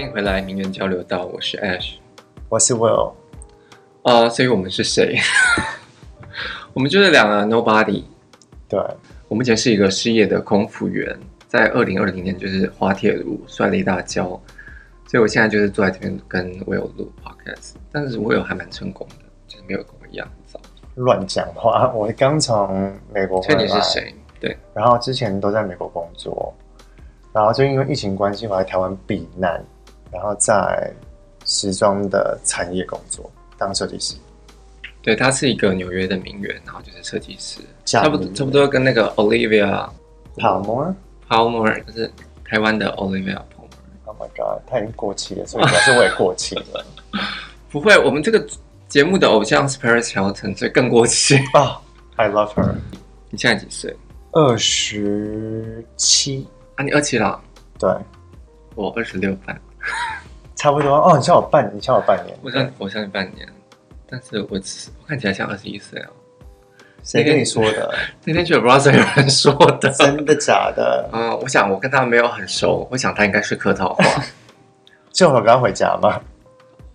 歡迎回來，名媛交流道。我是 Ash，我是 Will。啊、uh，所以我們是誰？ 我們就是兩個 Nobody。對，我目前是一個失業的空服員，在二零二零年就是滑鐵盧摔了一大跤，所以我現在就是坐在這邊跟 Will 錄 Podcast。但是 Will 還蠻成功的，就是沒有跟我一樣早亂講話。我剛從美國，所以你是誰？對，然後之前都在美國工作，然後就因為疫情關係，我來台灣避難。然後在時裝的產業工作，當設計師。對，他是一個紐約的名媛，然後就是設計師。差不多差不多跟那個 Olivia Palermo，Palermo 就 Palermo, 是台灣的 Olivia Palermo。Oh my god，她已經過氣了，所以表示我也過氣了。 不會，我們這個節目的偶像 Paris Hilton，所以更過氣啊、 oh,！I love her。你現在幾歲？二十七。啊，你二七了？對，我二十六半。26, 差不多哦，你像我半，年，你像我半年，我想我想你半年，但是我只看起來像二十一歲哦。誰跟你說的？ 那天去 Brother 有人說的，真的假的？嗯、呃，我想我跟他沒有很熟，我想他應該是客套話。 就我剛剛回家嗎？啊、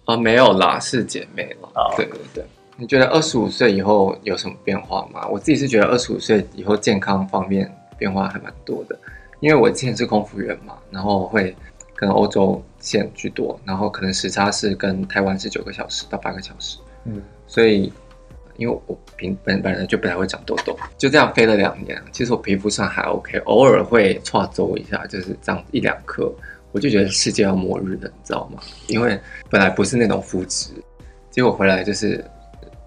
呃，沒有啦，是姐妹嘛。Oh, 對,對,對,對對對，你覺得二十五歲以後有什麼變化嗎？我自己是覺得二十五歲以後健康方面變化還蠻多的，因為我之前是空服員嘛，然後會跟歐洲。線居多，然後可能時差是跟台灣是九個小時到八個小時，嗯，所以因為我平本本來就本來會長痘痘，就這樣飛了兩年，其實我皮膚算還 OK，偶爾會岔走一下，就是長一兩顆，我就覺得世界要末日了，你知道嗎？因為本來不是那種膚質，結果回來就是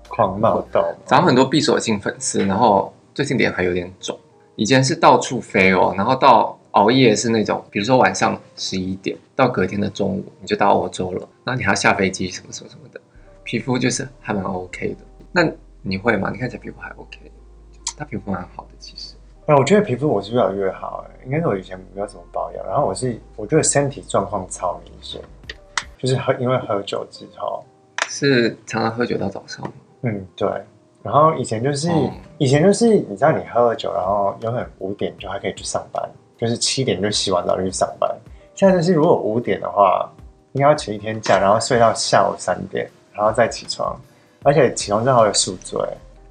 狂冒痘，長很多閉鎖性粉刺，然後最近臉還有點腫，以前是到處飛哦，哦然後到。熬夜是那種，比如說晚上十一點到隔天的中午，你就到歐洲了。那你還要下飛機，什麼什麼什麼的，皮膚就是還蠻 OK 的。那你會嗎？你看起來皮膚還 O K，他皮膚蠻好的，其實。哎、嗯，我覺得皮膚我是越來越好哎、欸，應該是我以前沒有怎麼保養。然後我是，我覺得身體狀況超明顯，就是喝因為喝酒之後，是常常喝酒到早上嗎？嗯，對。然後以前就是、嗯、以前就是你知道你喝了酒，然後有可能五點就還可以去上班。就是七點就洗完澡就去上班。現在就是如果五點的話，應該要請一天假，然後睡到下午三點，然後再起床。而且起床之好有宿醉。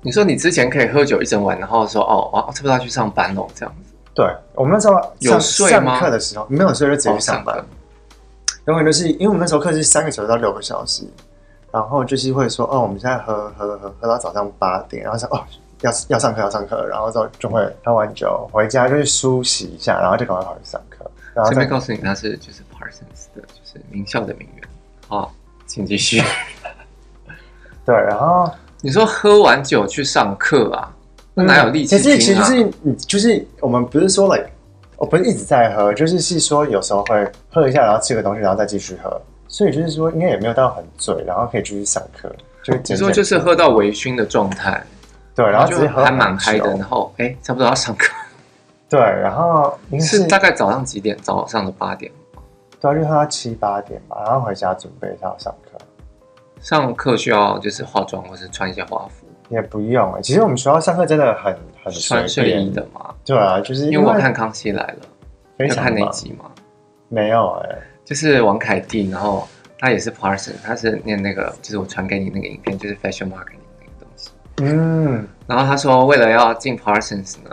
你說你之前可以喝酒一整晚，然後說哦，哦我是不是要去上班哦？這樣子。對，我們那時候上，有睡嗎？上課的時候沒有睡就直接去上班。有可能是因為我們那時候課是三個小時到六個小時，然後就是會說哦，我們現在喝喝喝喝到早上八點，然後想哦。要要上課要上課，然後之後就會喝完酒回家就去梳洗一下，然後就趕快跑去上課。順便告訴你，他是就是 Parsons 的，就是名校的名媛。好、哦，請繼續。 對，然後你說喝完酒去上課啊，那哪有力氣、啊嗯？其實其實、就是你就是我們不是說了、like，我不是一直在喝，就是是說有時候會喝一下，然後吃個東西，然後再繼續喝。所以就是說應該也沒有到很醉，然後可以繼續上課。就是你說就是喝到微醺的狀態。對，然後就是還蠻嗨的然很。然後，哎，差不多要上課。對，然後應該是,是大概早上幾點？早上的八點嗎？對，就他七八點吧。然後回家準備一下上課。上課需要就是化妝，或是穿一些華服？也不用、欸。其實我們學校上課真的很、嗯、很穿睡衣的嘛。對啊，就是因為,因為我看《康熙來了》，在看哪集嗎？沒有哎、欸，就是王凱蒂，然後他也是 Parsons，他是念那個，就是我傳給你那個影片，就是 Fashion Marketing 嗯，然後他說，為了要進 Parsons 呢，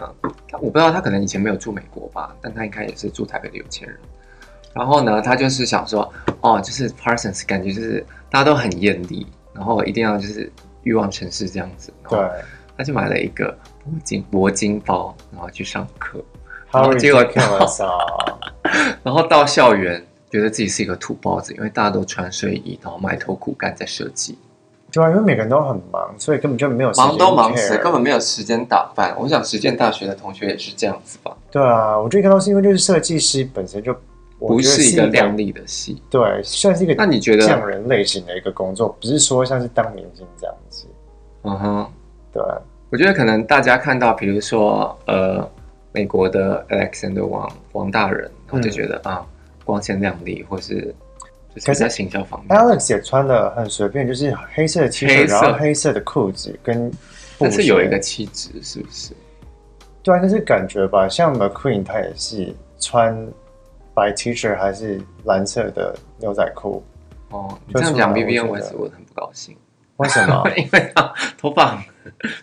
他我不知道他可能以前沒有住美國吧，但他應該也是住台北的有錢人。然後呢，他就是想說，哦，就是 Parsons 感覺就是大家都很豔麗，然後一定要就是慾望城市這樣子。對，他就買了一個鉑金鉑金包，然後去上課，然後結果跳了，然後到校園覺得自己是一個土包子，因為大家都穿睡衣，然後埋頭苦幹在設計。對啊，因為每個人都很忙，所以根本就沒有時間 care，忙都忙死，根本沒有時間打扮。我想實踐大學的同學也是這樣子吧？對啊，我注意到是因為就是設計師本身就我覺得是不是一個亮麗的系。對，算是一個，那你覺得匠人類型的一個工作，不是說像是當明星這樣子。嗯哼，對、啊，我覺得可能大家看到，比如說呃，美國的 Alexander 王王大人，我就覺得、嗯、啊，光鮮亮麗或是。開始在行銷方面，Alex 也穿的很隨便，就是黑色的 T 恤，然後黑色的褲子跟、跟，但是有一個氣質，是不是？對，就是感覺吧。像 McQueen，她也是穿白 T 恤，還是藍色的牛仔褲。哦，就這樣講 B B M，我，我還是很不高興。為什麼？ 因為頭髮。很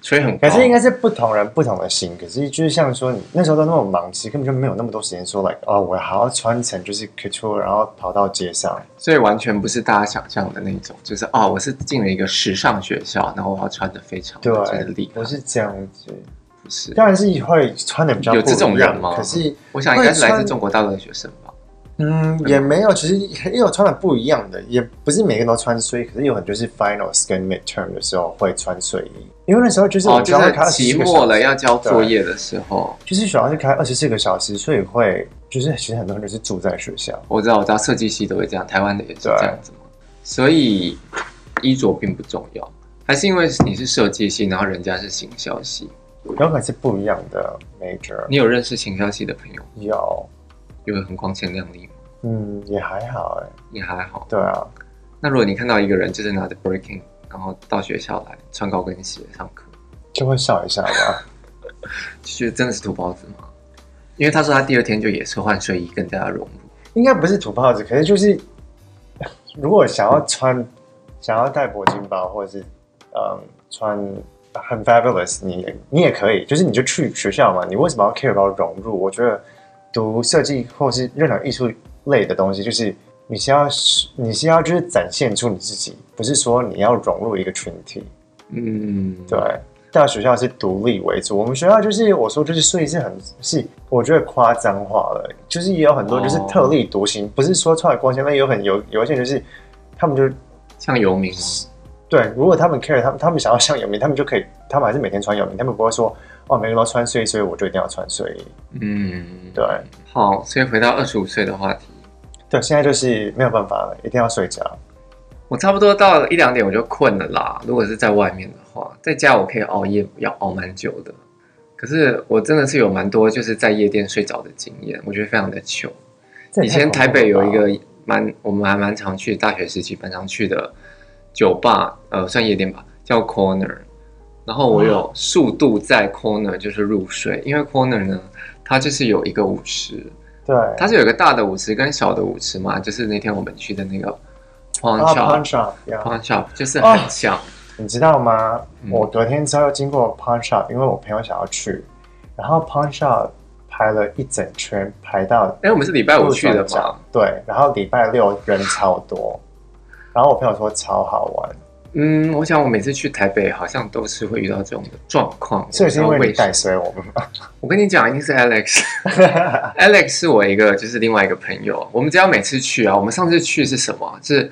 所以很可是應該是不同人不同的心，可是就是像說你那時候都那麼忙，其實根本就沒有那麼多時間說 like, 哦，我好要穿成就是 couture 然後跑到街上，所以完全不是大家想象的那種，就是哦，我是進了一個時尚學校，然後我要穿的非常對的，我是這樣子，不是，當然是一會穿的比較有這種人嗎？可是我想應該是來自中國大陸的學生。嗯，也沒有，其實也有穿的不一樣的，也不是每個人都穿睡衣，可是有很多是 finals 跟 midterm 的時候會穿睡衣，因為那時候就是我候哦，就是期末了要交作業的時候，就是主要是開二十四個小時，所以會就是其實很多人都是住在學校，我知道，我知道設計系都會這樣，台灣的也是這樣子嘛，所以衣着並不重要，還是因為你是設計系，然後人家是行銷系，然後是不一樣的 major，你有認識行銷系的朋友？有，因為很光鮮亮麗。嗯，也還好哎、欸，也還好。對啊，那如果你看到一個人就是拿着 breaking，然後到學校來穿高跟鞋上課，就會笑一下吧？ 就覺得真的是土包子嗎？因為他說他第二天就也是換睡衣更加融入。應該不是土包子，可是就是如果想要穿，想要帶鉑金包或者是嗯穿很 fabulous，你你也可以，就是你就去學校嘛。你為什麼要 care about 融入？我覺得讀設計或是任何藝術。類的東西就是你先要你先要就是展現出你自己，不是說你要融入一個群體。嗯，對。在學校是獨立為主，我們學校就是我說就是睡衣是很是我覺得誇張化了，就是也有很多就是特立獨行、哦，不是說出來光鮮，那也有很有有一些就是他們就像遊民，對，如果他們 care，他們他們想要像遊民，他們就可以，他們還是每天穿遊民，他們不會說哦，沒什麼穿睡衣，所以我就一定要穿睡衣。嗯，對。好，先回到二十五歲的話題。對，現在就是沒有辦法了，一定要睡覺。我差不多到了一兩點我就困了啦。如果是在外面的話，在家我可以熬夜，要熬蠻久的。可是我真的是有蠻多就是在夜店睡着的經驗，我覺得非常的糗。以前台北有一個蠻，我們還蠻常去，大學時期蠻常去的酒吧，呃，算夜店吧，叫 Corner。然後我有數度在 Corner 就是入睡，嗯、因為 Corner 呢，它就是有一個舞池。對，它是有一個大的舞池跟小的舞池嘛，就是那天我們去的那個 Pawn Shop, Pawn Shop 就是很小哦。你知道嗎？嗯、我昨天之後又經過 Pawn Shop，因為我朋友想要去，然後 Pawn Shop 排了一整圈，排到，哎、欸，我們是禮拜五去的嘛。對，然後禮拜六人超多， 然後我朋友說超好玩。嗯，我想我每次去台北好像都是會遇到這種狀況，是不是因為太熟？我我跟你講，一定是 Alex，Alex Alex 是我一個就是另外一個朋友。我們只要每次去啊，我們上次去是什麼？是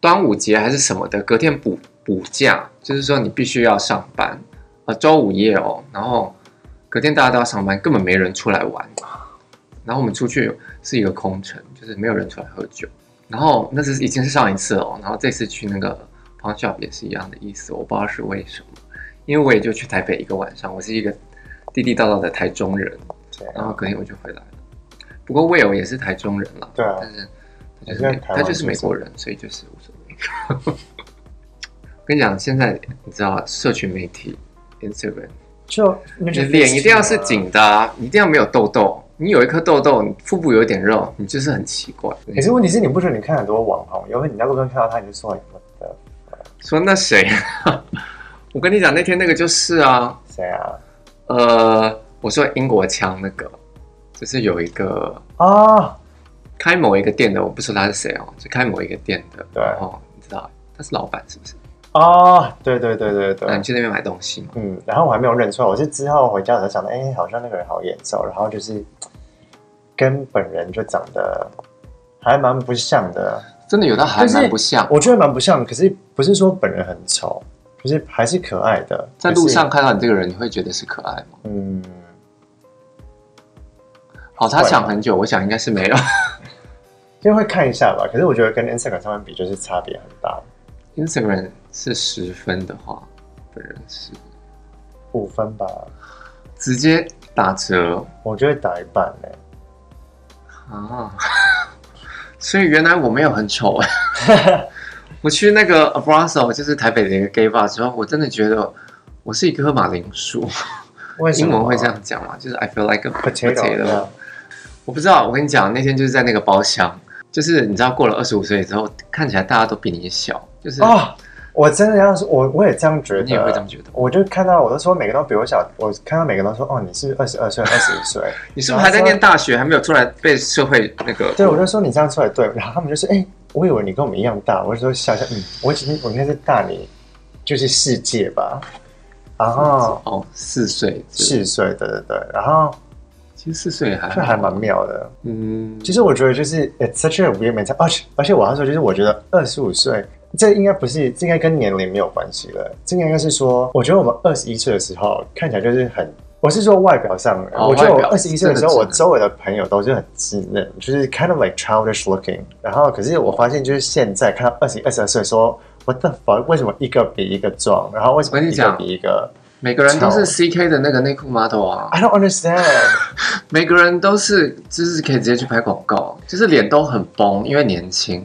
端午節還是什麼的？隔天補補假，就是說你必須要上班啊，周五夜哦，然後隔天大家都要上班，根本沒人出來玩。然後我們出去是一個空城，就是沒有人出來喝酒。然後那是已經是上一次哦，然後這次去那個。笑也是一樣的意思，我不知道是為什麼，因為我也就去台北一個晚上，我是一個地地道道的台中人，對、啊，然後隔天我就回來了。不過 Will 也是台中人了，對啊，但是他就是，就是、他就是美國人，所以就是無所謂。 跟你講，現在你知道社群媒體 Instagram，就，就你臉一定要是緊的、啊啊，一定要沒有痘痘，你有一顆痘痘，你腹部有點肉，你就是很奇怪。可、嗯、是問題是，你不覺得你看很多網紅，有可能你在路上看到他，你就說。說那誰？ 我跟你講，那天那個就是啊，誰啊？呃，我說英國腔那個，就是有一個啊、哦，開某一個店的，我不說他是誰哦，就開某一個店的，對哦，你知道他是老板是不是？啊、哦，對對對對對。你去那邊買東西嗎？嗯，然後我還沒有認錯，我是之後回家的時候想到，哎，好像那個人好眼熟，然後就是跟本人就長得還蠻不像的。真的有他還蠻不像，我覺得蠻不像。可是不是說本人很醜，可是還是可愛的。在路上看到你這個人，嗯、你會覺得是可愛嗎？嗯。好、哦，他想很久，我想應該是沒有。就、嗯、 會看一下吧。可是我覺得跟 Instagram 相比，就是差別很大。Instagram 是十分的話，本人是五分吧？直接打折？嗯、我覺得打一半嘞、欸。啊。所以原來我沒有很醜 我去那個 Abrazo 就是台北的一個 gay bar 之後，我真的覺得我是一顆馬鈴薯。為什麼 英文會這樣講嘛，就是 I feel like a potato。 我不知道，我跟你講，那天就是在那個包廂，就是你知道過了二十五歲之後，看起來大家都比你小，就是、oh! 我真的要是我，我也這樣覺得。你也會這樣覺得？我就看到，我都說每個人都比我小。我看到每個人都說：“哦，你是二十二歲，二十五歲。”你是不是還在念大學，還沒有出來被社會那個？對，我就說你這樣出來對。然後他們就說哎、欸，我以為你跟我們一樣大。”我就說：“想想，嗯，我其實我應該是大你，就是四歲吧。”然後哦，四歲，四歲，對對對。然後其實四歲還這還蠻妙的。嗯，其實我覺得就是、It's such a weird man。而且而且我要說，就是我覺得二十五歲。這應該不是，這應該跟年齡沒有關係的，這應該是說，我覺得我們二十一歲的時候看起來就是很，我是說外表上，哦、我覺得我二十一歲的時候的的，我周圍的朋友都是很稚嫩，就是 kind of like childish looking。然後，可是我發現就是現在看到二十一、二十二歲，說 what the fuck？為什麼一個比一個壯？然後為什麼一個比一個，每個人都是 CK 的那個內褲 model 啊？I don't understand。 每個人都是就是可以直接去拍廣告，就是臉都很崩，因為年輕。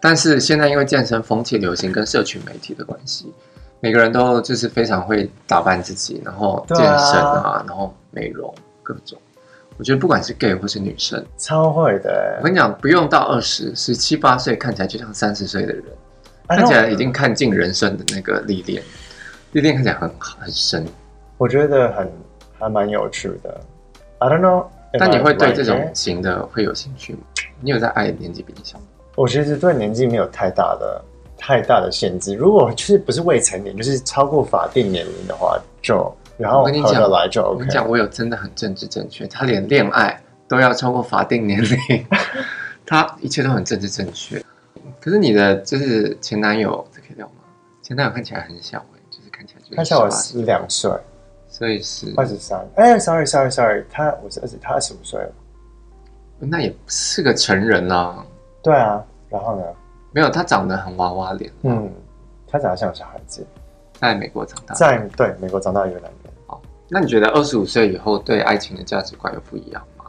但是現在因為健身風氣流行跟社群媒體的關係，每個人都就是非常會打扮自己，然後健身啊，啊，然後美容各種。我覺得不管是 gay 或是女生，超會的、欸。我跟你講，不用到二十十七八歲，17，看起來就像三十歲的人，看起來已經看盡人生的那個歷練，歷練看起來很很深。我覺得很還蠻有趣的。I don't know。但你會對這種型的會有興趣嗎？ 你有在愛年紀比你小？我其實對年紀沒有太大的太大的限制。如果就是不是未成年，就是超過法定年齡的話，就我跟你然後合得來就、okay，我跟你講，我有真的很政治正確，他連戀愛都要超過法定年齡， 他一切都很政治正確。可是你的就是前男友，這可以聊嗎？前男友看起來很小哎、欸，就是看起來他小我十兩歲，所以是二十三。哎、欸、，sorry sorry sorry，他我是二十他二十五歲那也不是個成人啦、啊。對啊，然後呢？沒有，他長得很娃娃臉。嗯，他長得像小孩子，在美國長大。在對美國長大一個男人。哦，那你覺得二十五歲以後對愛情的價值觀有不一樣嗎？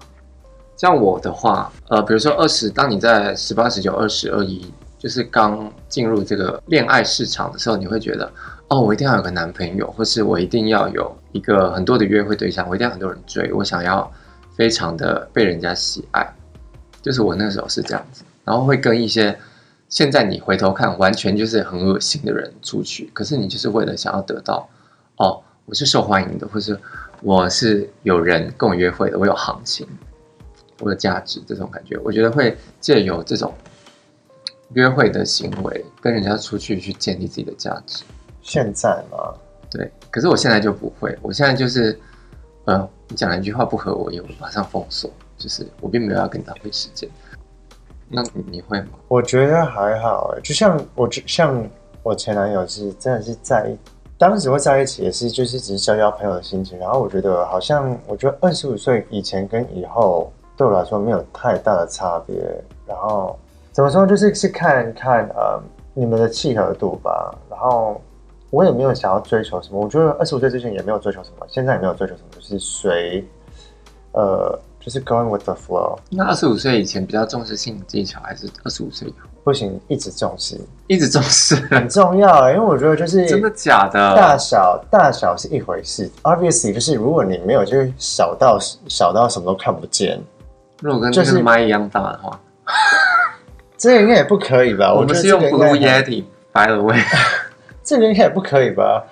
像我的話，呃，比如說二十，當你在十八、十九、二十、二一，就是剛進入這個戀愛市場的時候，你會覺得，哦，我一定要有個男朋友，或是我一定要有一個很多的約會對象，我一定要很多人追，我想要非常的被人家喜愛。就是我那時候是這樣子。然後會跟一些現在你回頭看完全就是很噁心的人出去，可是你就是為了想要得到哦，我是受歡迎的，或是我是有人跟我約會的，我有行情，我有價值這種感覺。我覺得會借由這種約會的行為跟人家出去去建立自己的價值。現在嗎？對，可是我現在就不會，我現在就是嗯、呃，你講了一句話不合我也，會馬上封鎖，就是我並沒有要跟他浪費時間。那你，你會嗎？我覺得還好欸，就像我，就像我前男友是真的是在，當時會在一起也是就是只是交交朋友的心情。然後我覺得好像我覺得二十五歲以前跟以後對我來說沒有太大的差別。然後怎麼說？就是是看看呃你們的契合度吧。然後我也沒有想要追求什麼。我覺得二十五歲之前也沒有追求什麼，現在也沒有追求什麼，就是隨，呃。就是 going with the flow。那二十五歲以前比較重視性技巧，還是二十五歲以後？不行，一直重視，一直重視，很重要。因為我覺得就是 真的假的，大小大小是一回事。Obviously，就是如果你沒有就是小到、嗯、小到什麼都看不見，如果跟這個麥一樣大的話， 這個應該也不可以吧？ 我們是用 Blue Yeti, by the way， 這個應該也不可以吧？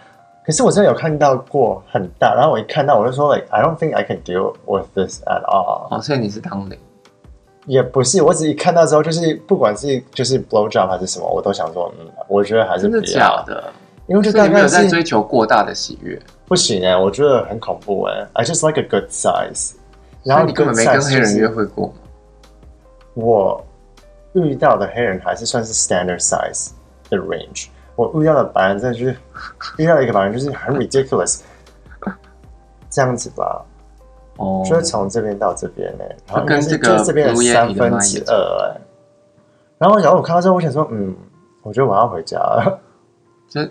可是我真的有看到過很大，然後我一看到我就說，like I don't think I can deal with this at all。哦，所以你是當零？也不是，我只一看到之後，就是不管是就是 blow job 還是什麼，我都想說，嗯，我覺得還是比較的的。因為就大概是你沒有在追求過大的喜悅，不行哎、欸，我覺得很恐怖哎、欸。I just like a good size。然後你根本沒跟黑人約會過嗎？我遇到的黑人還是算是 standard size 的 range。我遇到的白人，再是遇到一個白人，就是很 ridiculous，這樣子吧。哦，就是從這邊到這邊，呢，然後跟這個這邊三分之二，哎。然後，然後我，我看到之後，我想說，嗯，我覺得我要回家了。就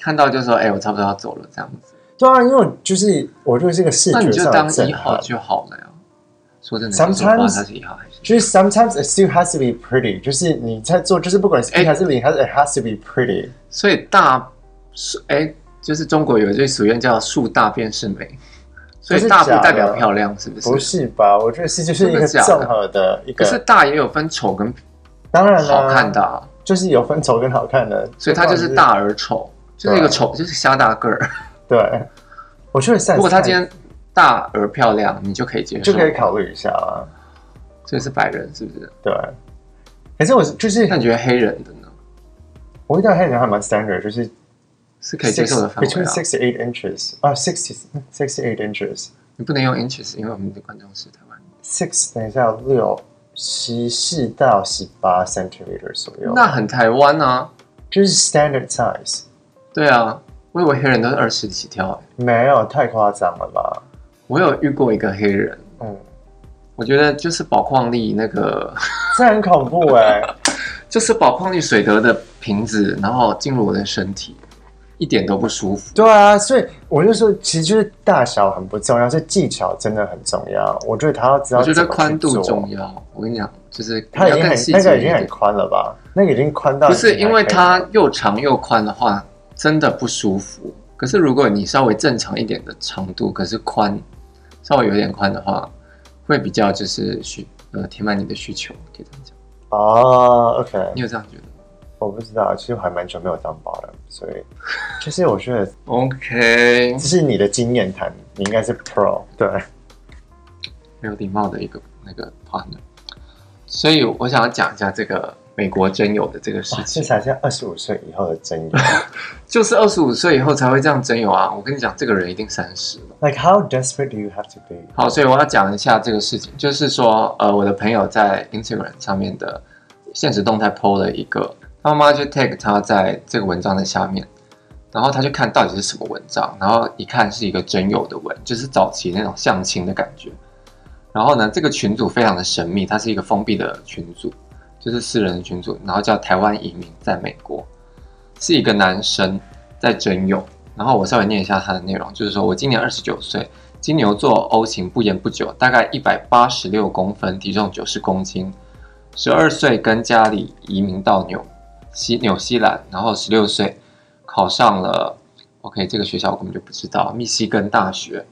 看到就說，哎，我差不多要走了，這樣子。對啊，因為就是我就是一個視覺上的震撼，就好，就好了、欸。說真的，不管他是一號還是，就是 sometimes it still has to be pretty，就是你在做，就是不管是 A、欸、還是 B，它 it has to be pretty。所以大是哎、欸，就是中國有一句俗語叫“樹大便是美”，所以大不代表漂亮是，是不是？不是吧？我覺得是就是一個綜合的，的，的，可是大也有分醜跟當然好看的、啊啊，就是有分醜跟好看的，所以它就是大而醜、就是，就是一個醜，就是瞎大個兒。對，我覺得賽。如果他今天。大而漂亮，你就可以接受。就可以考慮一下啊。這個是白人，是不是？對。可是我就是，那你覺得黑人的呢？我遇到黑人還蠻 standard，就是6，是可以接受的範圍，啊、Between six to eight inches 啊、oh，six to six to eight inches。你不能用 inches，因為我們的觀眾是台灣。Six 等一下，十四到十八 centimeter 左右。那很台灣啊，就是 standard size。對啊，我以為黑人都是二十幾條。欸，沒有，太誇張了吧？我有遇過一個黑人，嗯，我覺得就是寶礦力那個， 這很恐怖哎，就是寶礦力水得的瓶子，然後進入我的身體，一點都不舒服。對啊，所以我就說，其實就是大小很不重要，是技巧真的很重要。我覺得它要知，我覺得寬度重要。我跟你講，就是要更細，它已經很，那個已經很寬了吧？那個已經寬到經了，不是因為它又長又寬的話，真的不舒服。可是如果你稍微正常一點的長度，可是寬。稍微有點寬的話，會比較就是需呃填滿你的需求，可以這樣講啊。Oh, OK，你有這樣覺得嗎？我不知道，其實我還蠻久沒有當 bottom，所以就是 我覺得 OK，這是你的經驗談，你應該是 pro。對，沒有禮貌的一個那個 partner。所以我想要講一下這個。美國徵友的這個事情，這才是二十五歲以後的徵友， 就是二十五歲以後才會這樣徵友啊！我跟你講，這個人一定三十了。Like how desperate do you have to be？好，所以我要講一下這個事情，就是說，呃，我的朋友在 Instagram 上面的限時動態 po 了一個，他媽就 tag 他在這個文章的下面，然後他就看到底是什麼文章，然後一看是一個徵友的文，就是早期那種相親的感覺。然後呢，這個群組非常的神秘，它是一個封閉的群組。就是私人的群組，然後叫台灣移民在美國，是一個男生在徵友。然後我稍微念一下他的內容，就是說我今年二十九歲，金牛座 O 型，不菸不酒，大概一百八十六公分，體重九十公斤。十二歲跟家裡移民到紐西，紐西蘭，然後十六歲考上了 OK 這個學校我根本就不知道，密西根大學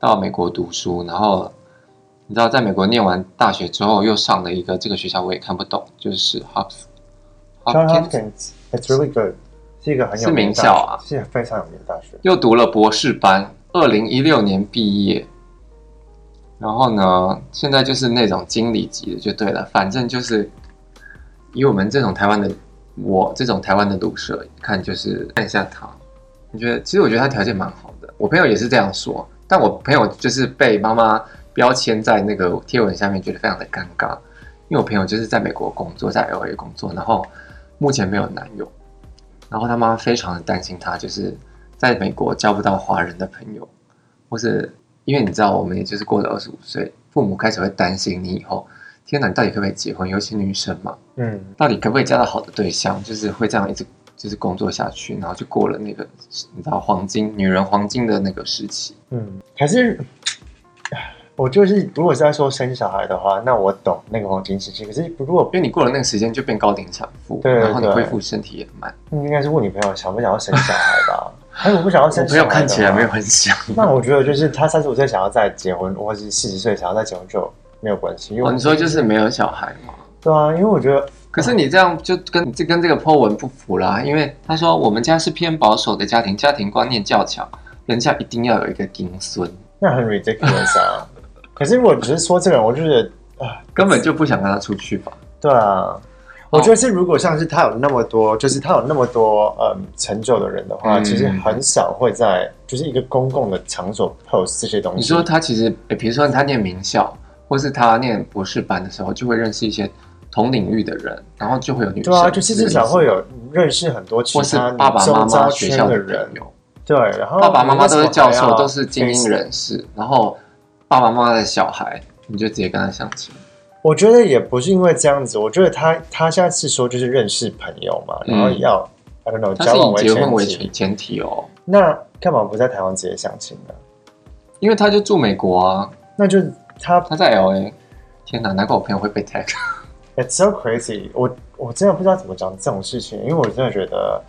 到美國讀書，然後。你知道，在美國念完大學之後，又上了一個這個學校，我也看不懂，就是 Hops。John Hopkins，h it's really good，it's, 是一個很有名的名校啊，是非常有名的大學。又讀了博士班，二零一六年畢業。然後呢，現在就是那種經理級的，就對了。反正就是以我們這種台灣的，我這種台灣的魯蛇看，就是看一下他。你覺得？其實我覺得他條件蠻好的，我朋友也是這樣說。但我朋友就是被媽媽。標籤在那個貼文下面，覺得非常的尷尬，因為我朋友就是在美國工作，在 LA 工作，然後目前沒有男友，然後他媽非常的擔心他，就是在美國交不到華人的朋友，或是因為你知道，我們也就是過了二十五歲，父母開始會擔心你以後，天哪，你到底可不可以結婚？尤其女生嘛，嗯，到底可不可以交到好的對象？就是會這樣一直就是工作下去，然後就過了那個你知道黃金女人黃金的那個時期，嗯，還是。我就是，如果是在說生小孩的話，那我懂那個黃金時期。可是，如果不因為你過了那個時間，就變高齡產婦，然後你恢復身體也慢。你應該是問你朋友想不想要生小孩吧？還 是、欸、不想要生？小孩。朋友看起來沒有很想。那我覺得就是他三十五歲想要再結婚，或 者是四十歲想要再結婚就沒有關係、哦。你說就是沒有小孩嘛。對啊，因為我覺得，可是你這樣就跟、哦、這跟這個 po 文不符啦。因為他說我們家是偏保守的家庭，家庭觀念較強，人家一定要有一個丁孫。那很 ridiculous 啊！可是，我只是說這個，我就覺得啊，根本就不想跟他出去吧。對啊，oh, 我覺得是，如果像是他有那麼多，就是他有那麼多嗯、um, 成就的人的話，嗯、其實很少會在就是一個公共的場所 post 這些東西。你說他其實、欸，比如說他念名校，或是他念博士班的時候，就會認識一些同領域的人，然後就會有女生，對啊，就是至少會有認識很多其他或是爸爸媽媽學校的、的人。對，然後爸爸媽媽都是教授，都是精英人士，人士然後。爸爸媽媽的小孩，你就直接跟他相親？我覺得也不是因為這樣子，我覺得他他下次說就是認識朋友嘛，嗯、然後要 I don't know 交往為前提前哦。那幹嘛不在台灣直接相親呢？因為他就住美國啊。那就他他在 LA，天哪，難怪我朋友會被 tag。It's so crazy，我我真的不知道怎麼講這種事情，因為我真的覺得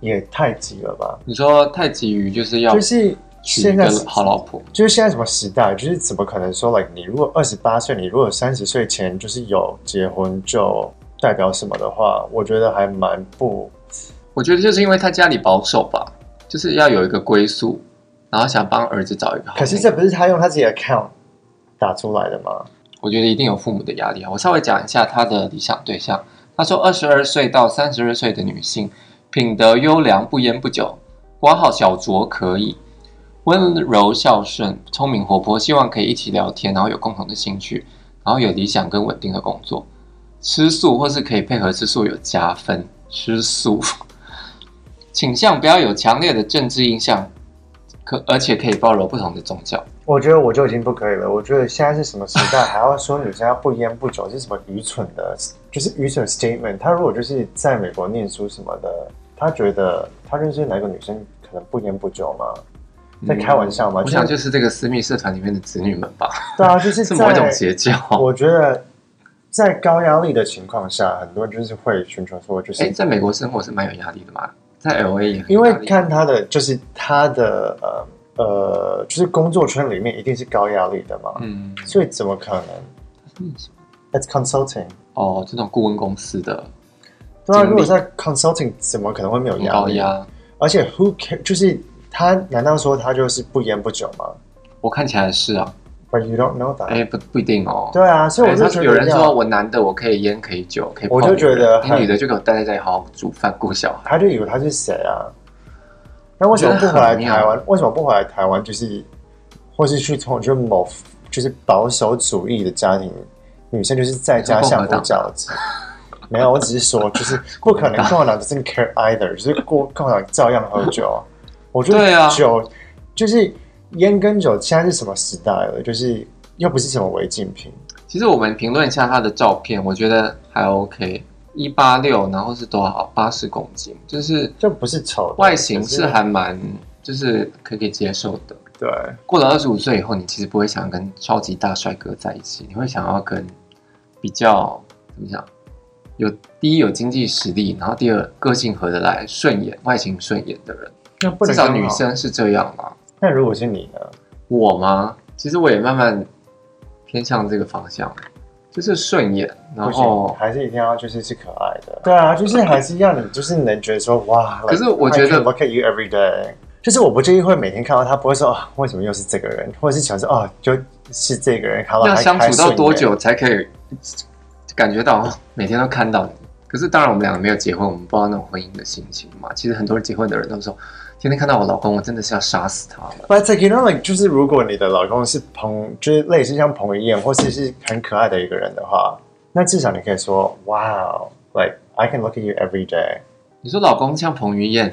也太急了吧？你說太急於就是要就是。現在是好老婆，就是，就是現在什麼時代，就是怎麼可能說，like 你如果二十八歲，你如果三十歲前就是有結婚，就代表什麼的話，我覺得還蠻不，我覺得就是因為他家裡保守吧，就是要有一個歸宿，然後想幫兒子找一個。可是這不是他用他自己的 account 打出來的嗎？我覺得一定有父母的壓力啊。我稍微講一下他的理想對象，他說二十二歲到三十二歲的女性，品德優良，不菸不酒，管好小酌可以。溫柔、孝順、聰明、活潑，希望可以一起聊天，然後有共同的興趣，然後有理想跟穩定的工作，吃素或是可以配合吃素有加分。吃素 傾向不要有強烈的政治印象，可而且可以包容不同的宗教。我覺得我就已經不可以了。我覺得現在是什麼時代，還要說女生要不菸不酒 是什麼愚蠢的，就是愚蠢 statement。他如果就是在美國唸書什麼的，他覺得他認識哪個女生可能不菸不酒嗎？在開玩笑嗎、嗯？我想就是這個私密社團裡面的子女們吧。對啊，就是， 是某一種邪教。我覺得在高壓力的情況下，很多人就是會尋求說，就是、欸、在美國生活是蠻有壓力的嘛，在 L A。因為看他的就是他的呃呃，就是工作圈裡面一定是高壓力的嘛。嗯，所以怎麼可能？It's consulting。哦，這種顧問公司的。對啊，如果在 consulting，怎麼可能會沒有壓力？高壓而且 who cares，就是。他難道說他就是不煙不酒嗎？我看起來是啊、喔。But you don't know that，哎、欸，不不一定哦、喔。對啊，所以我就覺得、欸、是有人說我男的我可以煙可以酒，可以我就覺得，你女的就給我待在這裡好好煮飯顧小孩。他就以為他是誰啊？那為什麼不回來台灣、啊？為什麼不回來台灣？就是，或是去從就是某就是保守主義的家庭，女生就是在家相夫教子。沒有，我只是說就是，過可能共和黨不 care either，就是過共和黨照樣喝酒。 我覺得酒，啊，就是菸跟酒，現在是什麼時代了？就是又不是什麼違禁品。其實我們評論一下他的照片，我覺得還 OK。一八六，然後是多少？八十公斤，就是就不是醜，外形是還蠻就是可可以接受的。對，過了二十五歲以後，你其實不會想跟超級大帥哥在一起，你會想要跟比較怎麼講？有第一有經濟實力，然後第二個性合得來、順眼、外形順眼的人。那至少女生是這樣嘛？那如果是你呢？我嗎？其實我也慢慢偏向這個方向，就是順眼，然後還是一定要就是是可愛的。對啊，就是還是一樣的，就是能覺得說 哇。Like, 可是我覺得 look at you every day，就是我不介意會每天看到他，不會說啊為什麼又是這個人，或者是想說哦、啊、就是這個人看到。要相處到多久才可以感覺到 每天都看到你？可是當然我們兩個沒有結婚，我們不知道那種婚姻的心情嘛。其實很多人結婚的人都說。天天看到我老公，我真的是要殺死他了。But you know, like, 就是如果你的老公是彭，就是類似像彭於晏，或是是很可愛的一個人的話，那至少你可以說，wow, like, I can look at you every day。你說老公像彭於晏？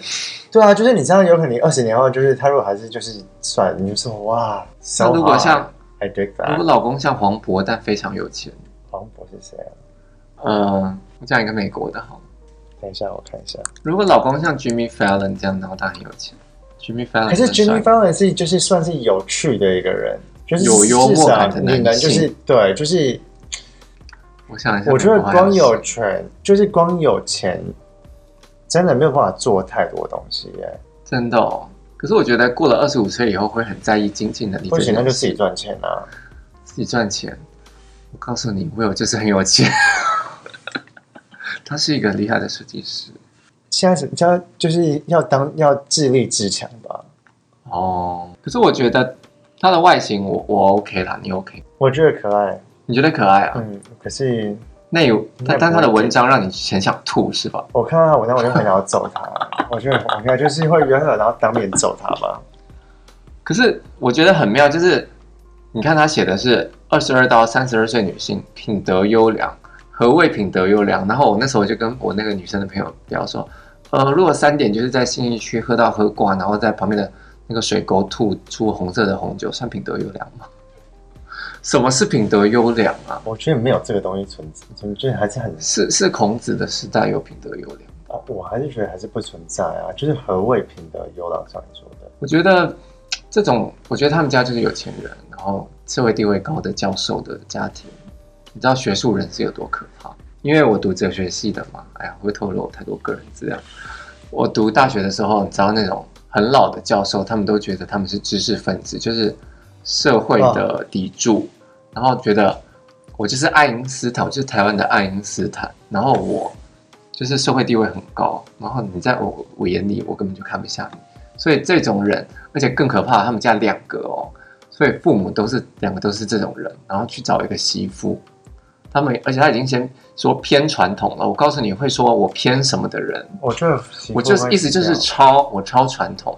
對啊，就是你這樣，有可能二十年後，就是他如果還是就是帥，你就說哇。像、wow, so、如果像，I t 如果老公像黃渤，但非常有錢。黃渤是誰、啊、嗯，呃，我講一個美國的好。等一下，我看一下。如果老公像 Jimmy Fallon 這樣的話，他很有錢。Jimmy Fallon 可是 Jimmy Fallon 是就是算是有趣的一個人，就是、就是、有幽默感的男性、就是。對，就是。我想一下，我覺得光有權，就是光有錢，嗯、真的沒有辦法做太多東西耶、欸。真的哦。可是我覺得過了二十五歲以後，會很在意經濟能力。不行，那就自己賺錢啊！自己賺錢。我告訴你，我有就是很有錢。 他是一個很厲害的設計師。現在是，就是要當要自立自強吧？哦，可是我覺得他的外形我我 OK 啦，你 OK？我覺得可愛。你覺得可愛啊？嗯。可是那但但他的文章、嗯、讓你很想吐是吧？我看到他文章我，我就很想要揍他， 我覺得很妙、okay，就是會比較然後當面揍他吧。 可是我覺得很妙，就是你看他寫的是二十二到三十二歲女性，品德優良。何謂品德優良？然後我那時候我就跟我那個女生的朋友聊說，呃，如果三點就是在信義區喝到喝掛，然後在旁邊的那個水溝吐出紅色的紅酒，算品德優良嗎？什麼是品德優良啊？我覺得沒有這個東西存在，我覺得還是很是是孔子的時代有品德優良啊？我還是覺得還是不存在啊。就是何謂品德優良？像你說的，我覺得這種，我覺得他們家就是有錢人，然後社會地位高的教授的家庭。你知道學術人是有多可怕？因為我讀哲學系的嘛，哎呀，會透露我太多個人資料。我讀大學的時候，你知道那種很老的教授，他們都覺得他們是知識分子，就是社會的砥柱，然後覺得我就是愛因斯坦，我就是台灣的愛因斯坦，然後我就是社會地位很高，然後你在我我眼裡，我根本就看不下你。所以這種人，而且更可怕，他們家兩個哦，所以父母都是兩個都是這種人，然後去找一個媳婦。他們，而且他已經先說偏傳統了。我告訴你會說我偏什麼的人，我就我就是意思就是超我超傳統，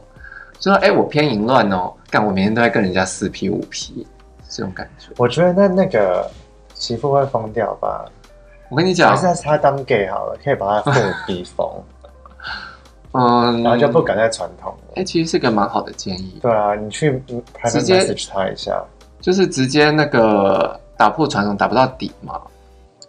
就是、說哎、欸，我偏淫亂哦，幹我每天都在跟人家四 P 五 P 這種感覺。我覺得那那個媳婦會瘋掉吧？我跟你講，還是，是他當 gay 好了，可以把他父母 逼瘋。嗯，然後就不敢再傳統了。哎、嗯欸，其實是個蠻好的建議。對啊，你去直接他一下，就是直接那個。嗯打破傳統打不到底嘛？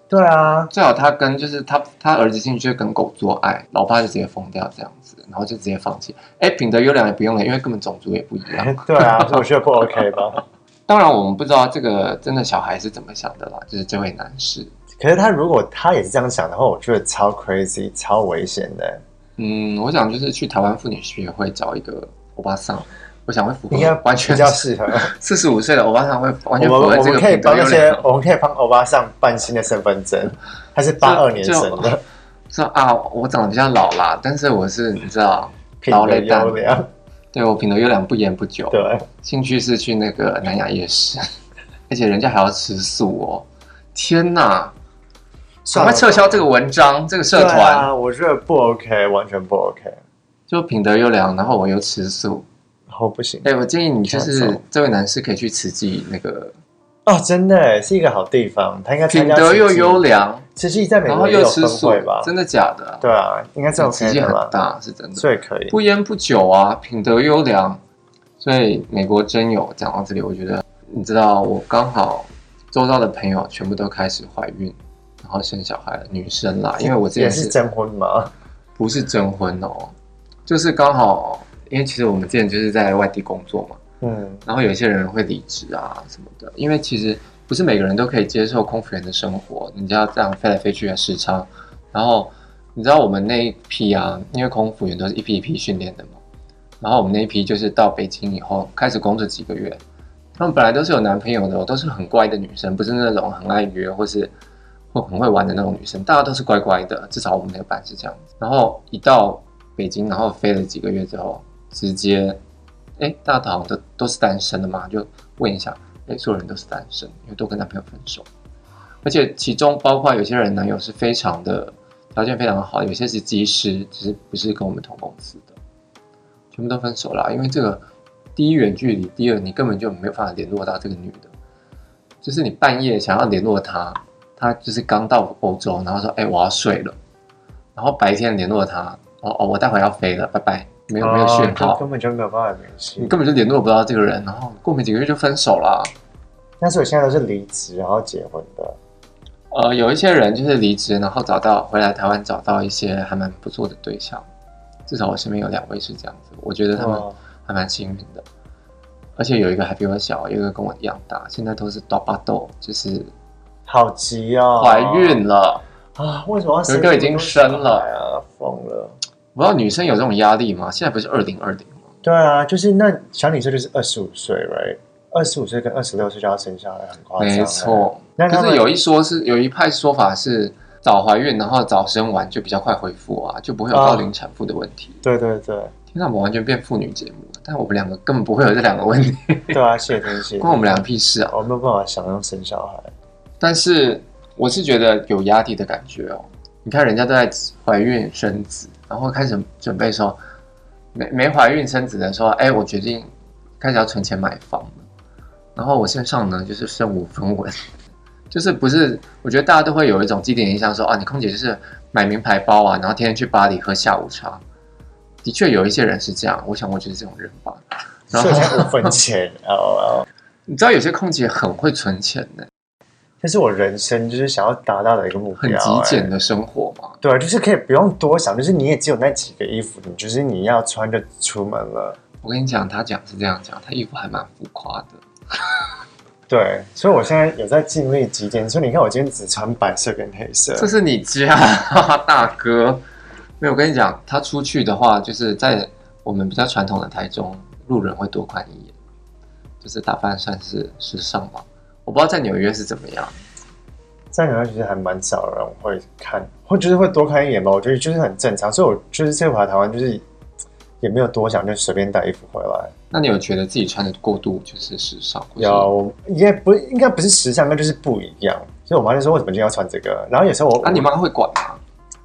對啊，最好他跟就是他他兒子進去跟狗做愛，老爸就直接瘋掉這樣子，然後就直接放棄。哎、欸，品德優良也不用了，因為根本種族也不一樣。 對啊，我覺得不 OK 吧？ 當然，我們不知道這個真的小孩是怎麼想的啦。就是這位男士。可是他如果他也是這樣想的話，我覺得超 crazy、超危險的。嗯，我想就是去台灣婦女學會找一個歐巴桑。我想會符合，應該完全該比較適合。四十五歲的歐巴桑會完全符合這個年齡。我，我們可以幫那些，我們可以幫歐巴桑辦新的身份證，他是八二年生的？是啊，我長得比較老啦，但是我是你知道，品德優良。對，我品德優良，不菸不酒。對，興趣是去那個南雅夜市，而且人家還要吃素哦、喔。天哪、啊！趕快撤銷這個文章，這個社團、啊，我覺得不 OK，完全不 OK。就品德優良，然後我又吃素。後、哦、不行，哎、欸，我建議你就是這位男士可以去慈濟那個哦，真的是一個好地方，他應該品德又優良，慈濟在美國又吃素吧？真的假的、啊？對啊，應該這種慈濟很大是真、OK、的，所以可以不煙不酒啊，品德優良，所以美國徵友。講到這裡，我覺得你知道，我剛好周遭的朋友全部都開始懷孕，然後生小孩，女生啦，因為我這也是徵婚嘛，不是徵婚哦、喔，就是剛好。因為其實我們之前就是在外地工作嘛，嗯，然後有一些人會離職啊什麼的，因為其實不是每個人都可以接受空服員的生活，人家這樣飛來飛去的時差，然後你知道我們那一批啊，因為空服員都是一批一批訓練的嘛，然後我們那一批就是到北京以後開始工作幾個月，他們本來都是有男朋友的，都是很乖的女生，不是那種很愛約或是或很會玩的那種女生，大家都是乖乖的，至少我們那個班是這樣子，然後一到北京，然後飛了幾個月之後。直接，哎，大家好像都都是單身的嘛，就問一下，哎，所有人都是單身，因為都跟男朋友分手，而且其中包括有些人男友是非常的條件非常好，有些是機師，只是不是跟我們同公司的，全部都分手了，因為這個第一遠距離，第二你根本就沒有辦法聯絡到這個女的，就是你半夜想要聯絡她，她就是剛到歐洲，然後說，哎，我要睡了。然後白天聯絡她，哦哦，我待會兒要飛了，拜拜。沒有、oh, 沒有訊號，根本就沒有辦法聯繫。你根本就聯絡不到這個人，然後過沒幾個月就分手了、啊。但是我現在都是離職然後結婚的。呃，有一些人就是離職然後找到回來台灣，找到一些還蠻不錯的對象。至少我身邊有兩位是這樣子，我覺得他們還蠻幸運的。Oh. 而且有一個還比我小，有一個跟我一樣大，現在都是大腹肚，就是好急哦、啊，懷孕了啊？為什麼要？一個已經生了呀、啊，瘋了。我不知道女生有這種壓力嗎？現在不是二零二零嗎？對啊，就是那小女生就是二十五歲，right？二十五歲跟二十六歲就要生小孩，很來，沒錯。但是有一說是有一派說法是早懷孕然後早生完就比較快恢復啊，就不會有高齡產婦的問題、哦。對對對，聽到我們完全變婦女節目，但我們兩個根本不會有這兩個問題。 對啊，謝天謝地，關我們兩個屁事啊！哦、我沒有辦法想象生小孩，但是我是覺得有壓力的感覺哦、喔。你看人家都在懷孕生子。然後開始準備說，沒沒懷孕生子的時候，哎、欸，我決定開始要存錢買房了。然後我身上呢就是身無分文，就是不是？我覺得大家都會有一種既定印象說，啊，你空姐就是買名牌包啊，然後天天去巴黎喝下午茶。的確有一些人是這樣，我想我就是這種人吧。然後，五分錢哦， oh, oh, oh. 你知道有些空姐很會存錢的、欸。這是我人生就是想要達到的一個目標，欸，很極簡的生活嘛。對，就是可以不用多想，就是你也只有那幾個衣服，你就是你要穿着出門了。我跟你講，他講是這樣講，他衣服還蠻浮誇的。 對，所以我現在有在盡力極簡。所以你看，我今天只穿白色跟黑色。這是你家哈哈大哥。沒有，我跟你講，他出去的話，就是在我們比較傳統的台中，路人會多看一眼，就是打扮算是時尚吧。我不知道在紐約是怎麼樣，在紐約其實還蠻少人會看，或就是會多看一眼吧。我覺得就是很正常，所以我就是這回台灣就是也沒有多想，就隨便帶衣服回來。那你有覺得自己穿的過度就是時尚？有，也不應該不是時尚，那就是不一樣。所以我媽就說：“為什麼今天要穿這個？”然後有時候我，那、啊、你媽會管嗎、啊？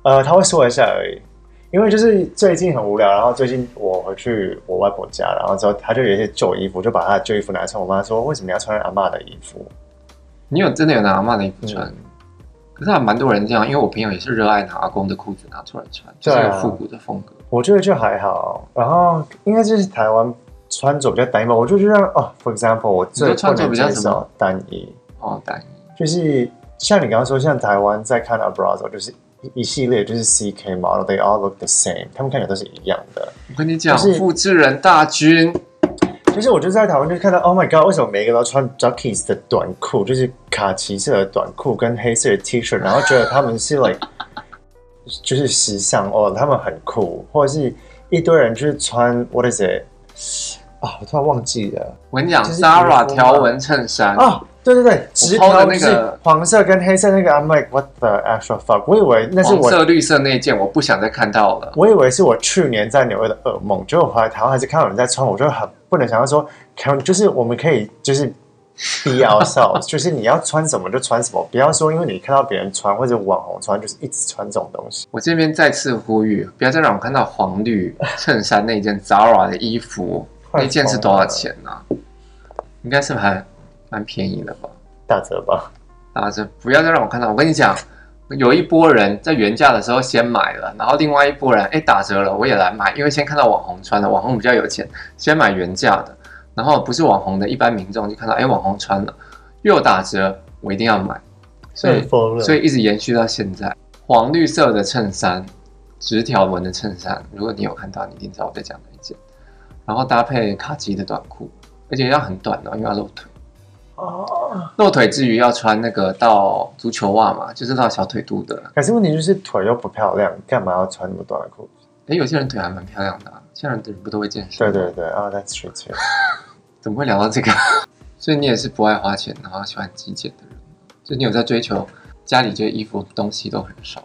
呃，她會說一下而已。因為就是最近很無聊，然後最近我回去我外婆家，然後之後她就有一些舊衣服，就把她的舊衣服拿來穿。我媽說：“為什麼要穿阿媽的衣服？”你有真的有拿阿媽的衣服穿，嗯、可是蠻多人這樣，因為我朋友也是熱愛拿阿公的褲子拿出來穿，就是復古的風格、啊。我覺得就還好。然後應該就是台灣穿着比較單一嘛。我就覺得哦、oh,，For example，我最這覺得穿着比較什麼、oh, 單一哦，單一就是像你剛剛說，像台灣在看 a b r a z a 就是。一系列就是 CK model，they all look the same，他們看起來都是一樣的。我跟你講，就是複製人大軍。就是我就在台灣就看到，Oh my god，為什麼每一個都穿 Jockeys 的短褲，就是卡其色的短褲跟黑色的 T 恤，然後覺得他們是 like 就是時尚哦，他們很酷，或者是一堆人就是穿 What is it？啊、哦！我突然忘記了，我跟你講、就是、Zara 條紋襯衫啊、哦，對對對，直頭的那個黃色跟黑色那個，I'm like what the actual fuck！我以為那是我黃色綠色那一件，我不想再看到了。我以為是我去年在紐約的噩夢，結果回來台灣還是看到人在穿，我就很不能想象說，can, 就是我們可以就是 be ourselves， 就是你要穿什麼就穿什麼，不要說因為你看到別人穿或者網紅穿，就是一直穿這種東西。我這邊再次呼籲，不要再讓我看到黃綠襯衫、衫那件 Zara 的衣服。 那件是多少錢呢、啊？應該是還蠻便宜的吧？打折吧？打折！不要再讓我看到！我跟你講，有一波人在原價的時候先買了，然後另外一波人，哎、欸，打折了，我也來買，因為先看到網紅穿的，網紅比較有錢，先買原價的，然後不是網紅的，一般民眾就看到，哎、欸，網紅穿了，又打折，我一定要買，所以所以一直延續到現在。黃綠色的襯衫，直條紋的襯衫，如果你有看到，你一定知道我在講然後搭配卡其的短褲，而且要很短的，啊，因為要露腿。哦、oh,，露腿之餘要穿那個到足球襪嘛，就是到小腿肚的，可是問題就是腿又不漂亮，幹嘛要穿那麼短的褲子？哎，欸，有些人腿還蠻漂亮的，啊，現在人的人不都會健身？對對對，然後在追求。怎麼會聊到這個？ 所以你也是不愛花錢，然後喜歡極簡的人。就你有在追求，家裡這些衣服東西都很少。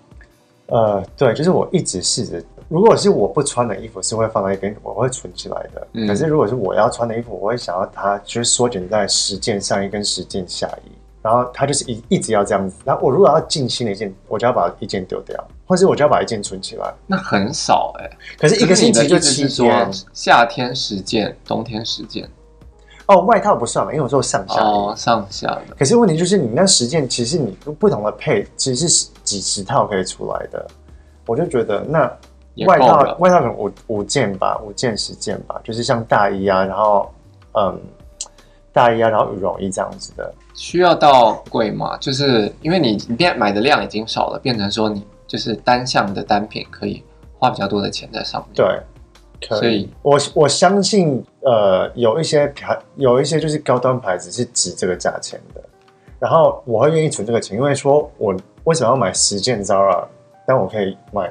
呃，uh,，對，就是我一直試着。如果是我不穿的衣服，是會放在一邊，我會存起來的、嗯。可是如果是我要穿的衣服，我會想要它，就是縮減在十件上衣跟十件下衣，然後它就是一一直要這樣子。然後我如果要進新的一件，我就要把一件丟掉，或是我就要把一件存起來。那很少哎、欸，可是一個星期就七天。你的意思是說夏天十件，冬天十件。哦，外套不算了，因為我說上下哦，上下的。可是問題就是，你那十件其實你不同的配，其實是幾十套可以出來的。我就覺得那。外套外套可能五五件吧，五件十件吧，就是像大衣啊，然後嗯，大衣啊，然後羽絨衣這樣子的，需要到貴嗎？就是因為你你變買的量已經少了，變成說你就是單向的單品可以花比較多的錢在上面。對，可以。所以我我相信呃，有一些牌，有一些就是高端牌子是值這個價錢的。然後我會願意存這個錢，因為說我為什麼要買十件 Zara，但我可以買。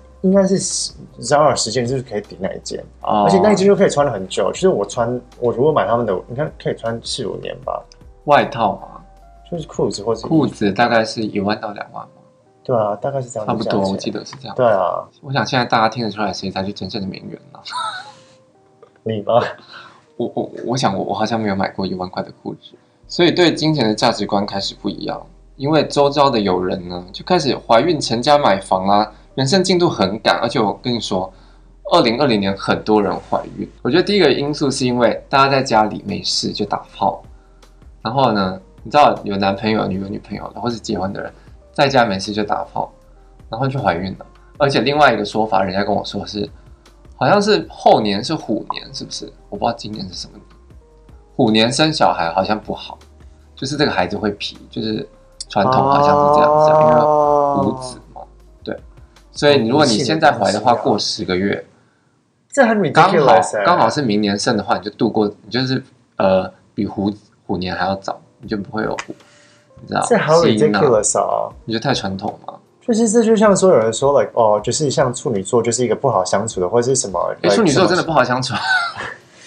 應該是十二十件就是可以抵那一件，哦，而且那一件又可以穿了很久。其實我穿我如果買他們的，你看可以穿四五年吧。外套啊，就是褲子或者褲子大概是一萬到兩萬，嗯、對啊，大概是這樣。差不多，我記得是這樣。對啊，我想現在大家聽得出來誰才是真正的名媛了？ 你嗎？我我我想我，我好像沒有買過一萬塊的褲子，所以對金錢的價值觀開始不一樣。因為周遭的有人呢，就開始懷孕成家買房啊。人生進度很趕，而且我跟你說，二零二零年很多人懷孕。我覺得第一個因素是因為大家在家裡沒事就打炮，然後呢，你知道有男朋友、女友女朋友的，或是結婚的人，在家沒事就打炮，然後就懷孕了。而且另外一個說法，人家跟我說是，好像是後年是虎年，是不是？我不知道今年是什麼年，虎年生小孩好像不好，就是這個孩子會皮，就是傳統好像是這樣子、啊，一個五子。所以，如果你現在懷的話，過十個月，嗯、這很 ridiculous，剛好剛好是明年生的話，你就度過，你就是呃，比虎虎年還要早，你就不會有虎，你知道？這好 ridiculous，你就太傳統了、啊。就是這就像說，有人說了哦，like, oh, 就是像處女座就是一個不好相處的，或是什麼？Like, 欸、處女座真的不好相處。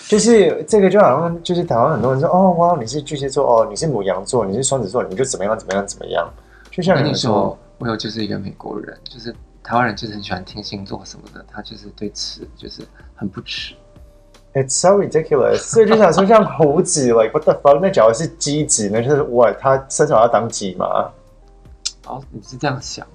就是這個就好像就是台灣很多人說，哦，哇，你是巨蟹座哦，oh, 你是母羊座，你是雙子座，你就怎麼樣怎麼樣怎麼樣？就像說你說，我有就是一個美國人，就是。台灣人就是很喜歡聽星座什麼的，他就是對此就是很不齒。It's so ridiculous。所以就想說像猴子 ，like what the fuck？那假如是雞子，那就是哇，他生小孩要當雞嗎？哦，你是這樣想。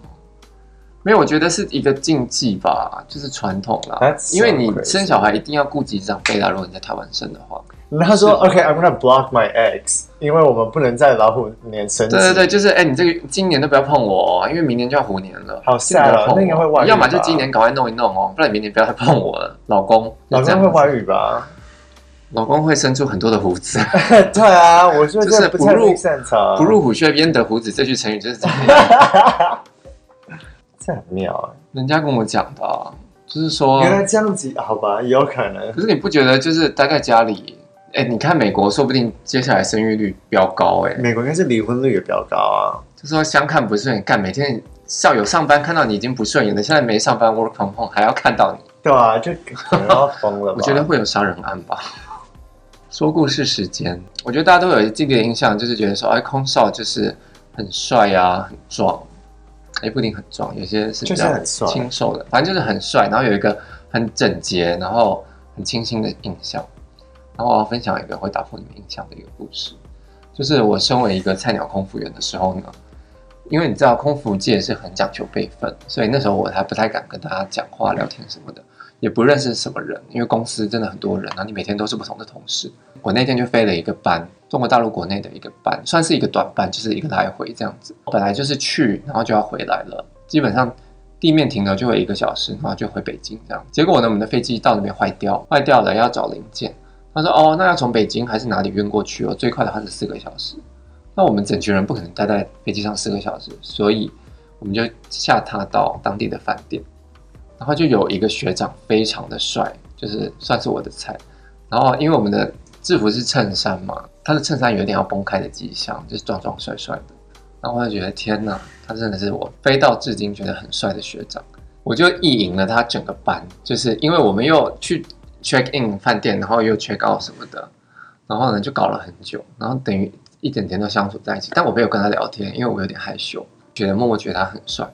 沒有，我覺得是一個禁忌吧，就是傳統啦、so、因為你生小孩一定要顧及長輩啦，如果你在台灣生的話。然後說，OK，I'm、okay, gonna block my eggs，因為我們不能在老虎年生子。對對對，就是哎，你這個今年都不要碰我，因為明年就要虎年了。好年我嚇了，那應該會玩。要麼就今年趕快弄一弄哦，不然明年不要再碰我了，老公。老公會懷孕吧？老公會生出很多的鬍子。 對啊，我這太就是不入，不入虎穴，焉得虎子？ 這句成語就是這樣。 這很妙啊！人家跟我講的、啊，就是說原來這樣子，好吧，有可能。可是你不覺得就是待在家裡？哎、欸，你看美國，說不定接下來生育率飆高哎、欸。美國應該是離婚率也比較高啊，就是、說相看不順眼，看每天校友上班看到你已經不順眼了，現在沒上班 work from home 還要看到你，對啊，就要瘋了。 我覺得會有殺人案吧。 說故事時間，我覺得大家都有這個印象，就是覺得說，哎、啊，空少就是很帥啊，很壯，也、欸、不一定很壯，有些是比較清瘦的、就是很，反正就是很帥，然後有一個很整潔，然後很清新的印象。然後我要分享一個會打破你們印象的一個故事，就是我身為一個菜鳥空服員的時候呢，因為你知道空服界是很講求輩分，所以那時候我還不太敢跟大家講話、聊天什麼的，也不認識什麼人，因為公司真的很多人，然後你每天都是不同的同事。我那天就飛了一個班，中國大陸國內的一個班，算是一個短班，就是一個來回這樣子。本來就是去，然後就要回來了，基本上地面停留就會一個小時，然後就回北京這樣。結果呢，我們的飛機到那邊壞掉，壞掉了要找零件。他說：“哦，那要從北京還是哪裡運過去哦？最快的話是四個小時。那我們整群人不可能待在飛機上四個小時，所以我們就下榻到當地的飯店。然後就有一個學長非常的帥，就是算是我的菜。然後因為我們的制服是襯衫嘛，他的襯衫有點要崩開的跡象，就是壯壯帥帥帥的。然後我就覺得天哪，他真的是我飛到至今覺得很帥的學長。我就意淫了他整個班，就是因為我們又去。” check in 飯店，然後又 check out 什麼的，然後呢，就搞了很久，然後等於一整天都相處在一起。但我沒有跟他聊天，因為我有點害羞，覺得默默覺得他很帥。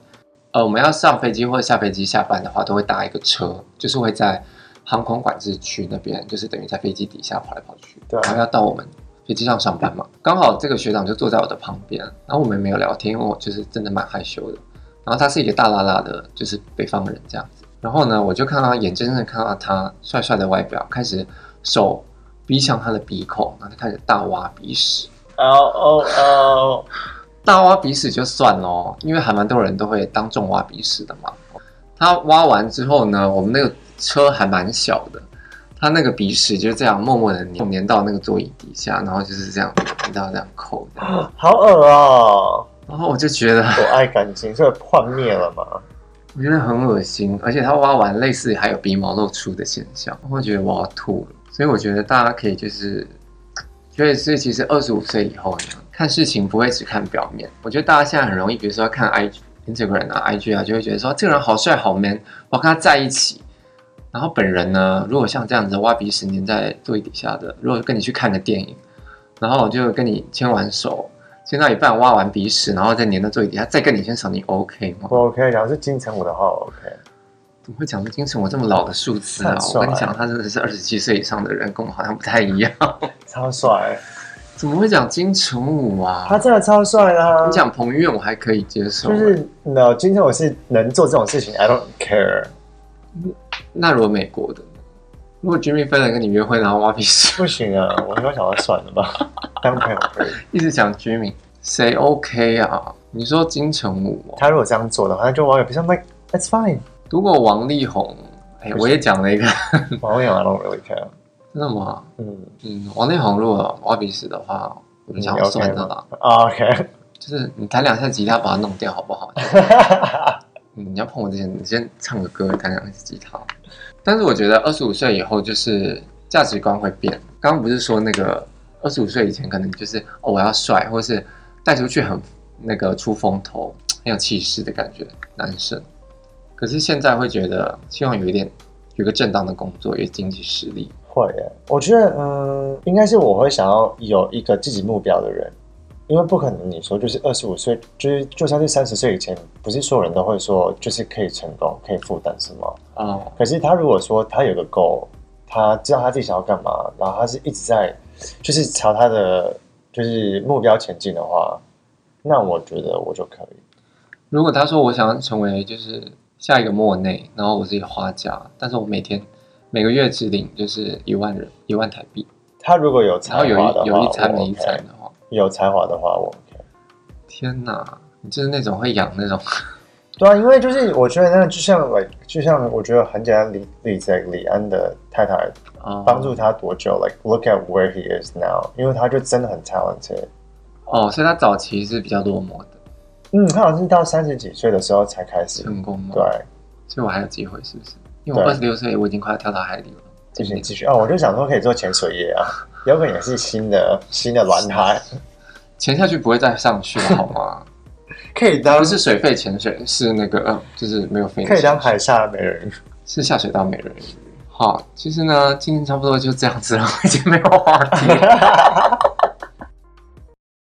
呃，我們要上飛機或者下飛機、下班的話，都會搭一個車，就是會在航空管制區那邊，就是等於在飛機底下跑來跑去。對。然後要到我們飛機上上班嘛，剛好這個學長就坐在我的旁邊，然後我們沒有聊天，因為我就是真的蠻害羞的。然後他是一個大喇喇的，就是北方人這樣。然後呢，我就看到，眼睜睜的看到他帥帥的外表，開始手逼向他的鼻孔，然後他開始大挖鼻屎。哦哦哦！大挖鼻屎就算了，因為還蠻多人都會當眾挖鼻屎的嘛。他挖完之後呢，我們那個車還蠻小的，他那個鼻屎就這樣默默的粘，粘到那個座椅底下，然後就是這樣，一到這樣扣的。好惡啊！然後我就覺得，我愛感情，這個幻滅了嘛。 我覺得很噁心，而且他挖完，類似還有鼻毛露出的現象，我覺得我要吐了。所以我覺得大家可以就是，所以所以其實二十五歲以後呢，看事情不會只看表面。我覺得大家現在很容易，比如說看 i Instagram 啊，IG 啊，就會覺得說這個人好帥好 man，我要跟他在一起。然後本人呢，如果像這樣子挖鼻屎粘在座椅底下的，如果跟你去看個電影，然後我就跟你牽完手。先到一半挖完鼻屎，然後再粘到座椅底下，再跟你牽手，你 OK 嗎？不 OK，然後是金城武的話我 OK，怎麼會講說金城武這麼老的數字啊、嗯？我跟你講，他真的是二十七歲以上的人，跟我好像不太一樣。 超帥，怎麼會講金城武啊？他真的超帥的啊！你講彭於晏，我還可以接受、欸，就是那金城武是能做這種事情，I don't care 那。那如果美國的？如果 Jimmy 飛來跟你約會，然後挖鼻屎，不行啊！我最後想要，算了吧，當朋友。一直講 Jimmy，誰 OK 啊？你說金城武、喔，他如果這樣做的話，那就挖鼻屎。I'm like that's fine。如果王力宏，哎、欸，我也講了一個。王力宏 ，I don't really care。真的嗎？嗯嗯，王力宏如果挖鼻屎的話，我、嗯、想要算了 o、okay. k 就是你彈兩下吉他把它弄掉，好不好？你、就是 嗯、要碰我之前，你先唱個歌，彈兩下吉他。但是我覺得二十五歲以後就是價值觀會變。剛剛不是說那個二十五歲以前可能就是哦，我要帥，或是帶出去很那個出風頭、很有氣勢的感覺，男生。可是現在會覺得希望有一點有個正當的工作，有經濟實力。會耶，我覺得嗯、呃，應該是我會想要有一個自己目標的人。因為不可能，你說就是二十五歲，就是就算是三十歲以前，不是所有人都會說就是可以成功，可以負擔是嗎？啊？可是他如果說他有個 goal，他知道他自己想要幹嘛，然後他是一直在，就是朝他的就是目標前進的話，那我覺得我就可以。如果他說我想成為就是下一個莫內，然後我是畫家，但是我每天每個月制定就是一萬人一萬台幣，他如果有然後有一有一餐沒一餐的話。有才華的話，我天哪！你就是那種會養那種，對啊，因為就是我覺得那個就像，喂，like，就像我覺得很簡單理理解李安的太太，幫助他多久，oh？Like look at where he is now，因為他就真的很 talented。哦，oh，所以他早期是比較落寞的。嗯，他好像是到三十幾歲的時候才開始成功。對，所以我還有機會是不是？因為我二十六歲，我已經快要跳到海裡了。繼續繼續、哦、我就想說可以做潛水業啊，有可能也是新的新的藍海，潛下去不會再上去了好嗎？ 可以當不是水肺潛水，是那個、呃、就是沒有費，可以當海下的美人魚，是下水道美人魚。 好，其實呢，今天差不多就這樣子了，已經沒有話題了。